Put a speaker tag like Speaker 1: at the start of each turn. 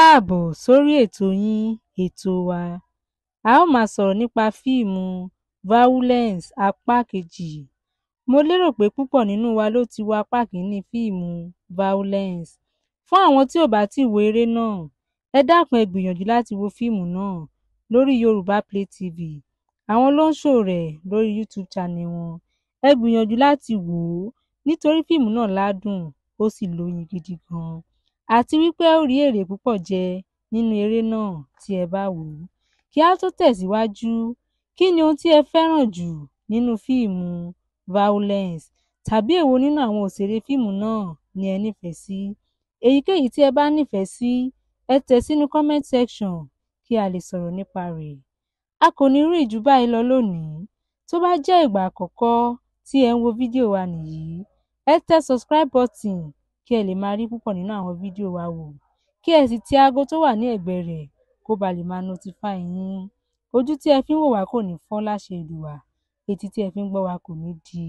Speaker 1: káàbọ̀ sórí ètò yín ètò wa a ó máa sọ̀rọ̀ nípa fíìmù vaulence apá kejì mo lérò pé púpọ̀ nínú wa ló ti wo apá kìíní fíìmù vaulence fún àwọn tí ò bá ti wo eré náà ẹ dákun ẹ gbìyànjú láti wo fíìmù náà lórí yorùbá play tv àwọn ló ń ṣò rẹ̀ lórí youtube channel wọn ẹ gbìyànjú láti wò ó nítorí fíìmù náà ládùn ó sì lóyin gidi gan-an àti wípé ó rí èrè púpọ̀ jẹ nínú eré náà tí ẹ bá wò ó. Kí á tó tẹ̀síwájú, kí ni ohun tí ẹ fẹ́ràn jù nínú fíìmù Violence? Tàbí èwo nínú àwọn òṣèré fíìmù náà ni ẹ nífẹ̀ẹ́ sí? Èyíkéyìí tí ẹ bá nífẹ̀ẹ́ sí, ẹ tẹ̀ sínú comment section kí a lè sọ̀rọ̀ nípa rẹ̀. A kò ní rí jù báyìí lọ lónìí. Tó bá jẹ́ ìgbà àkọ́kọ́ tí ẹ ń wo fídíò wa nìyí, ẹ tẹ subscribe button kí ẹ lè máa rí púpọ̀ nínú àwọn fídíò wa wò kí ẹ sì ti aago tó wà ní ẹ̀gbẹ́ rẹ̀ kó ba lè máa notify yín ojú tí ẹ fi ń wò wá kò ní fọ́ láṣẹ Èdùà etí tí ẹ fi ń gbọ́ wa kò ní di